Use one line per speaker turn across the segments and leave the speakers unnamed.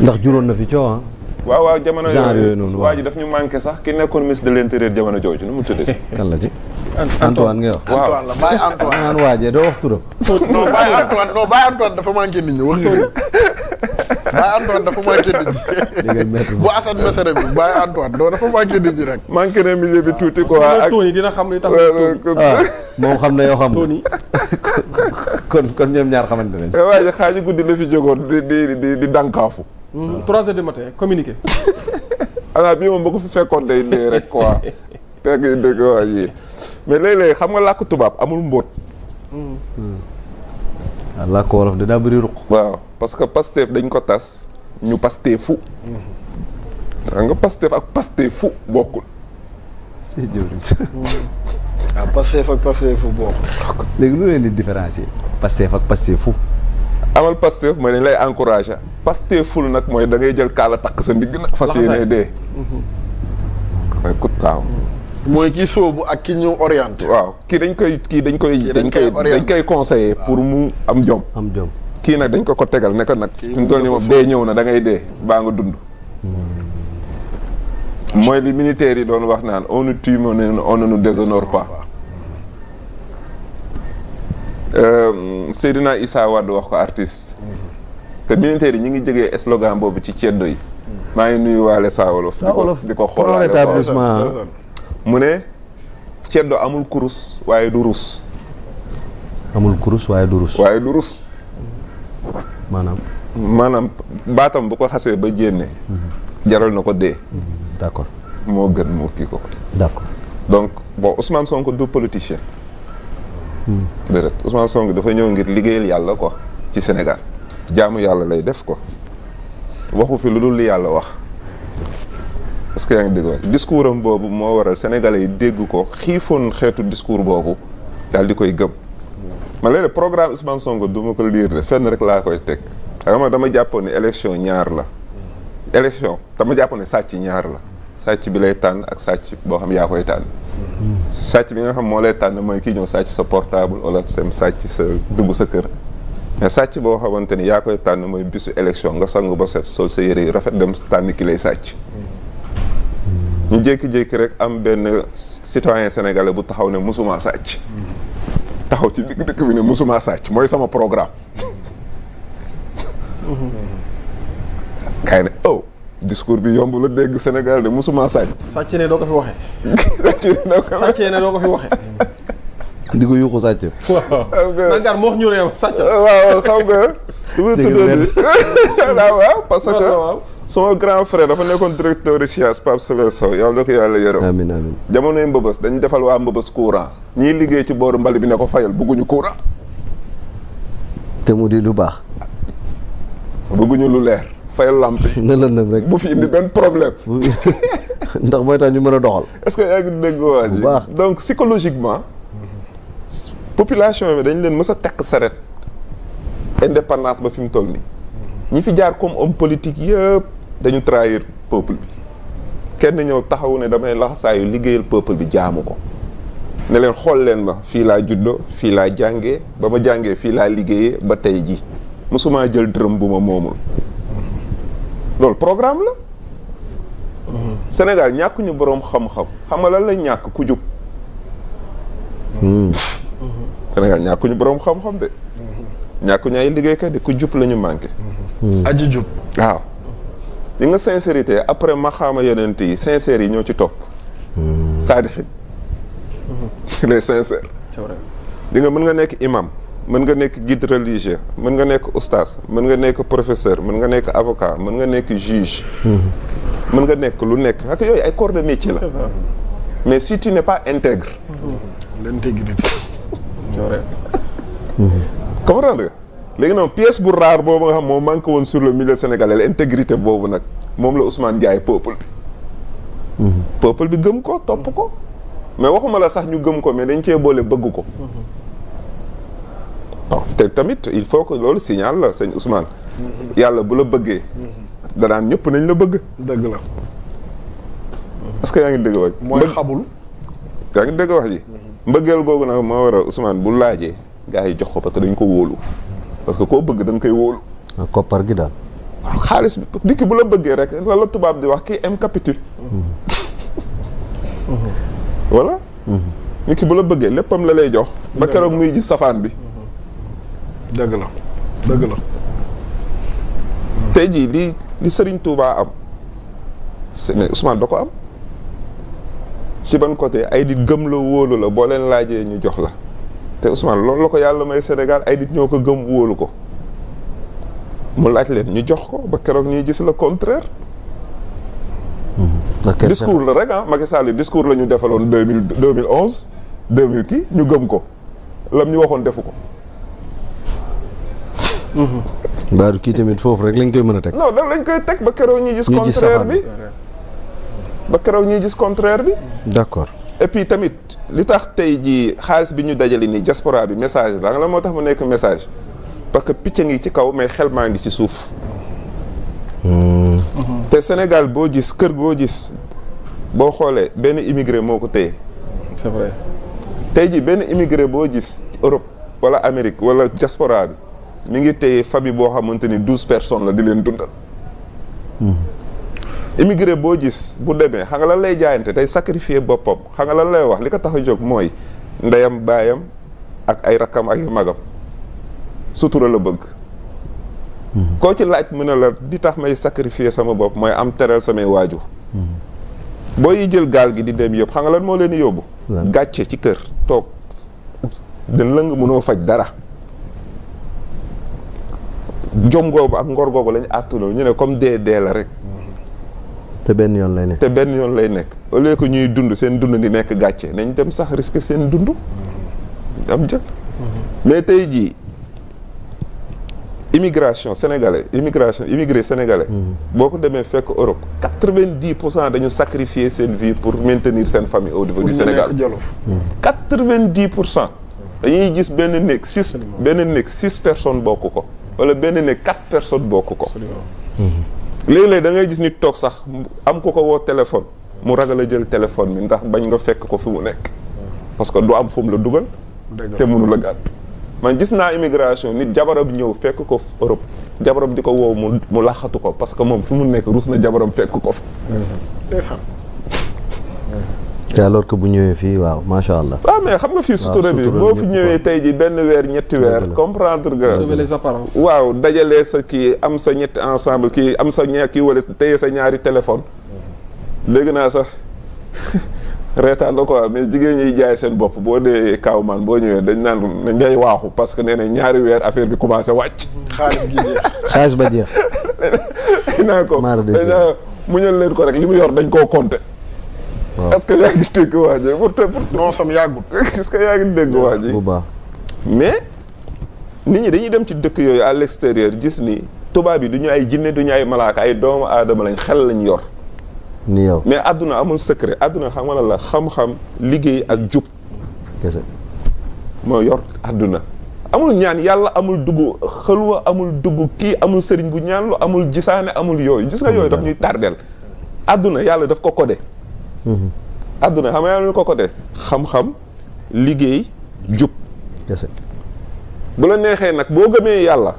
ndax juróon na fi coow ah. waaw waaw jamono yooyu waa ji daf ñu manqué sax ki nekkoon ministre de l'intérieur jamono jooju nu mu tuddee. kan la ci Antoine ngay wax. Antoine la wax turam. non Baye Antoine non Baye Antoine dafa manqué nit ñi wax nga Baye Antoine dafa manqué nit ñi. bu Assane Mesere bi Baye Antoine doo dafa manqué nit ñi rek. manqué na milieu bi tuuti quoi ak. dina xam li tax ah, moom xam na yoo xam. kon kon ñoom ñaar xamante nañ. waaye xaaju guddi la fi jógoon di di di di dànkaafu. 3 hmm, heures du matin communiqué. ana bii moom ba fi fekkoon day dee rek quoi. teg dëgg waa yi mais léeg-léeg xam nga làkk tubaab amul mbóot. waaw hmm. ah, làkk wolof dinaa bëri ruq. waaw parce que Pastef dañ ko tas ñu Pastefu. xam nga Pastef ak Pastefu bokkul. ah Pastef ak Pastefu bokkul. léegi lu leen di différencier. Pastef ak Pastefu amal Pastef mooy dañ lay encouragé Pasteful nag mooy dangay jël kaala takk sa ndigg nag fas yéene dee waaw mooy kii sóobu ak ki ñu orienté waaw kii dañ koy kii dañ koy dañ koy dañ koy conseillé pour mu am jom am kii nag dañ ko ko tegal ne nag ñu toll ñëw na da ngay dee baa nga dund hmm. mooy li militaires yi doon wax naan on nous tue mais on ne nous déshonore pas Seydina Issa Wade wax ko artiste. te militaires yi ñu ngi jógee slogan boobu ci ceddo yi. maa ngi nuyu waale sa Wolof. Saa Wolof di ko xoolaale établissement mu ne ceddo amul kurus waaye du rus. amul kurus waaye du rus. waaye du rus. maanaam. maanaam baatam bu ko xasee ba jénne jaral na ko dee. d' accord moo gën moo kii ko. donc bon Ousmane Sonko du politicien. déedéet Ousmane Sonko dafa ñëw ngir liggéeyal yàlla ko ci senegal jaamu yàlla lay def ko waxu fi lu dul li yàlla wax est que yaa ngi dégg wax discours am boobu moo waral sénégalais yi dégg ko xiifoon xeetu discours boobu daal di koy gëm man léeg programme Ousmane Sonko du ko liir de fenn rek laa koy teg xam nga dama jàppoon ne élection ñaar la élection dama jàppoon sàcc ñaar la sàcc bi lay tànn ak sàcc boo xam yaa koy tànn sàcc bi nga xam moo lay tànn mooy kii ñëw sàcc sa portable wala sem sàcc sa dugg sa kër mais sàcc boo xamante ni yaa koy tànn mooy bisu élection nga sangu ba set sol sa yére yu rafet dem tànn ki lay sàcc ñu jékki-jékki rek am benn citoyen sénégalais bu taxaw ne musuma sàcc taxaw ci digg dëkk bi ne musuma sàcc mooy sama programme mhm. discours bi yomb la dégg Sénégal de mosuma sàcc. sàcc ne doo ko fi waxee. sàcc ne doo ko fi waxee. di ko yuuxu sàcc. waaw Ngar moo xam nga. lu muy tuddee di waaw parce que. sama grand frère dafa nekkoon directeur Richard Pape Sele Sow yàlla ko yàlla yërëm. amiin Mbëbës dañu defal waa Mbëbës courant. ñiy liggéey ci booru mbali bi ne ko fayal bëgguñu courant. te mu di lu baax. bëgguñu lu leer. fayal lamp yi. na lëndëm rek bu fi indi benn problème. ndax mooy ñu mën a doxal. est-ce que yaa ngi dégg waa ji donc psychologiquement. population bi dañ leen mës a tekk saret indépendance ba fi mu toll nii. ñi fi jaar comme homme politique yëpp dañu trahir peuple bi. kenn ñëw taxawu ne damay laxasaayu liggéeyal peuple bi jaamu ko. ne leen xool leen ma fii laa juddoo fii laa jàngee ba ma jàngee fii laa liggéeyee ba tey ji mësumaa jël dërëm bu ma moomul. loolu programme la. Sénégal ñàkkuñu boroom xam-xam xam nga la ñàkk ku jub. Hmm. Sénégal ñàkk boroom xam-xam de. ñàkk ñu ay liggéeykat de ku jub la ñu manqué. Hmm. aji jub waaw. li nga sincérité après ma xaama yonent yi sincères yi ñoo ci topp. Hmm. saadixin les sincères. di nga mën nga nekk imam. mën nga nekk guide religieux mën nga nekk oustaz mën nga nekk professeur mën nga nekk avocat mën nga nekk juge mën nga nekk lu nekk yooyu ay corde de métier mais si tu n'es pas intègre l'intégrité comprendre nga léegi nag pièce bu rare boobu nga xam moom manqué woon sur le milieu sénégalais l'intégrité boobu nag moom la Ousmane Ndiaye peuple bi mhm. peuple bi gëm ko topp ko mais waxuma la sax ñu gëm ko mais dañ cee boole bëgg ko mhm. bon te tamit il faut que loolu signal la sëñ Ousmane. Mm-hmm. yàlla bu la bëggee. Mm-hmm. danaan ñëpp nañ la bëgg. dëgg la. Mm-hmm. est que yaa ngi dëgg wax. mooy xabul. yaa ngi dëgg wax ji. mbëggeel googu nag moo waral Ousmane bu laajee gars yi jox ko parce que dañ ko wóolu parce que koo bëgg dañ koy wóolu. Ah, koppar gi daal. xaalis bi dikk bu la bëggee rek la la tubaab di wax kii am capital. voilà. nit ki bu la bëggee léppam la lay jox. ba keroog muy gis safaan bi. dëgg la dëgg la. tey jii li li sëriñ tuubaa am mais Ousmane da ko am ci ban côté ay nit gëm la wóolu la boo leen laajee ñu jox la te Ousmane loolu la ko yàlla may Sénégal ay nit ñoo ko gëm wóolu ko mu laaj leen ñu jox ko ba keroog ñuy gis le contraire. Hmm. discours la rek ah Macky Sall discours la ñu defaloon deux mille deux mille onze deux mille kii ñu gëm ko lam ñu waxoon defu ko. mbaaru kii tamit foofu rek lañ koy mën a teg. non lañ koy teg ba keroog ñuy gis. contraire bi ba keroog ñuy gis contraire bi. d' accord. et puis tamit li tax tey jii xaalis bi ñu dajale nii diaspora bi message la la moo tax mu nekk message parce que picc ngi ci kaw mais xel maa ngi ci suuf. Hmm. te Sénégal boo gis kër goo gis boo xoolee benn immigré moo ko téye. c'est vrai tey ji benn immigré boo gis Europe wala Amérique wala diaspora bi. mi ngi téye famille boo xamante ni douze personnes la di leen dundal. Hmm. immigré boo gis bu demee xam nga lan lay jaayante day sacrifier boppam xam lan lay wax li ko tax a jóg mooy ndeyam baayam ak ay rakkam ak yu magam sutura la bëgg. Hmm. koo ci laaj mu ne la di tax may sacrifier sama bopp mooy am tereel samay waajur. Hmm. booy jël gaal gi di dem yëpp xam nga lan moo leen di yóbbu. gàcce ci kër toog. da lëng mënoo faj dara. jom googu ak ngor googu lañ àttaloo ñu ne comme dee dee la rek. te benn yoon lay nekk. te benn yoon lay nekk au lieu que ñuy dund seen dund di nekk gàcce nañ dem sax risque seen dund. am jël mais tey jii immigration sénégalais immigration immigré sénégalais. Mhm. boo ko demee fekk Europe quatre-vingt-dix pour cent dañu sacrifier seen vie pour maintenir seen famille au niveau du Sénégal quatre-vingt-dix pour cent. dañuy gis benn néeg six benn néeg six personnes bokk ko. wala benn ne quatre personne bokk ko. Mm-hmm. léeg-léeg da ngay gis nit toog sax am ko ko woo téléphone mu ragal a jël téléphone bi ndax bañ nga fekk ko fi mu nekk. parce que du am fu la dugal. te mënu la gàtt. man gis naa immigration nit jabaram ñëw fekk ko Europe jabaram di ko woow mu mu laxatu ko parce que moom fi mu nekk rus na jabaram fekk ko fa. te alors que bu ñëwee fii waaw macha allah. waaw ah, mais xam nga fii sutura bi boo fi ñëwee tey ji benn weer ñetti weer. comprendre nga. sauver les apparences. waaw dajalee sa kii am sa ñetti ensemble kii am sa ñaar kii wala téye sa ñaari téléphone mm-hmm. léegi naa sax reetaan la quoi mais jigéen ñiy jaay seen bopp boo dee kawman boo ñëwee dañ naan dañ ngay waaxu parce que nee na ñaari weer affaire bi commencé wàcc. xaalis gi jeex. ba jeex. naa ko naa muñal leen ko rek li mu yor dañ koo compter. est-ce que yaa ngi dégg waa ji pour te pour. non sam yàggut. est-ce que yaa ngi dégg bu baax mais nit ñi dañuy dem ci dëkk yooyu à l'extérieur gis ni tubaab yi du ñu ay jinne du ñu ay malaaka ay doomu aadama lañ xel lañ yor. ni yow mais àdduna amul secret àdduna xam nga la xam-xam liggéey ak jub. moo yor àdduna. amul ñaan yàlla amul dugg xëlwa amul dugg kii amul sëriñ bu ñaan lu amul gisaane amul yooyu jis nga yooyu daf ñuy tardel àdduna yàlla daf ko codé àdduna xam nga yaa ko côté xam-xam liggéey jub bu la neexee nag boo gëmee yàlla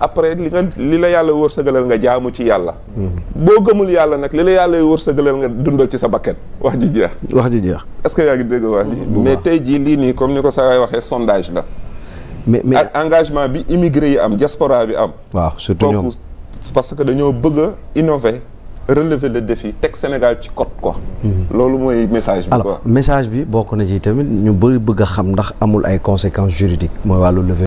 après li nga li la yàlla wërsëgalal nga jaamu ci yàlla mm-hmm. boo gëmul yàlla nag li la yàlla wërsëgalal nga dundal ci sa bakket wax ji jeex wax ji jeex est que yaa ngi dégg wax mais tey jii lii nii comme ni ko sa waay waxee sondage la mais mais ak engagement bi immigré yi am diaspora bi am waaw surtout ñoom parce que dañoo bëgg a innover relever le défi teg Sénégal ci côte ko hmm. loolu mooy message bi quoi message bi bokk na ci tamit ñu bëri bëgg xam ndax amul ay conséquences juridiques mooy wàllu levée